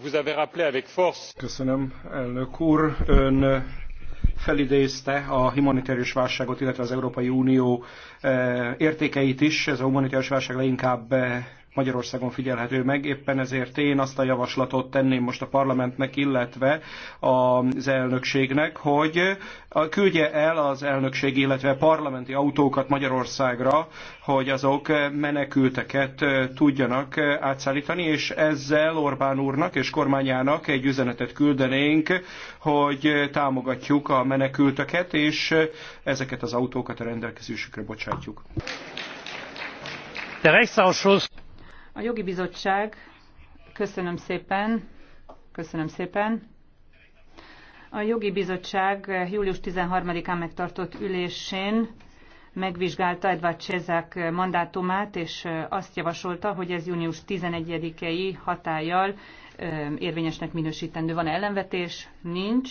vous avez rappelé avec force. Köszönöm, elnök úr. Ön felidézte a humanitárius válságot, illetve az Európai Unió eh, értékeit is. Ez a humanitárius válság leginkább eh, Magyarországon figyelhető meg. Éppen ezért én azt a javaslatot tenném most a parlamentnek, illetve az elnökségnek, hogy küldje el az elnökség, illetve parlamenti autókat Magyarországra, hogy azok menekülteket tudjanak átszállítani, és ezzel Orbán úrnak és kormányának egy üzenetet küldenénk, hogy támogatjuk a menekülteket, és ezeket az autókat a rendelkezésükre bocsátjuk. Der Rechtsausschuss a jogi bizottság, köszönöm szépen, köszönöm szépen, a jogi bizottság július 13-án megtartott ülésén megvizsgálta Edward Csezák mandátumát, és azt javasolta, hogy ez június 11-i hatállyal érvényesnek minősítendő. Van -e ellenvetés? Nincs.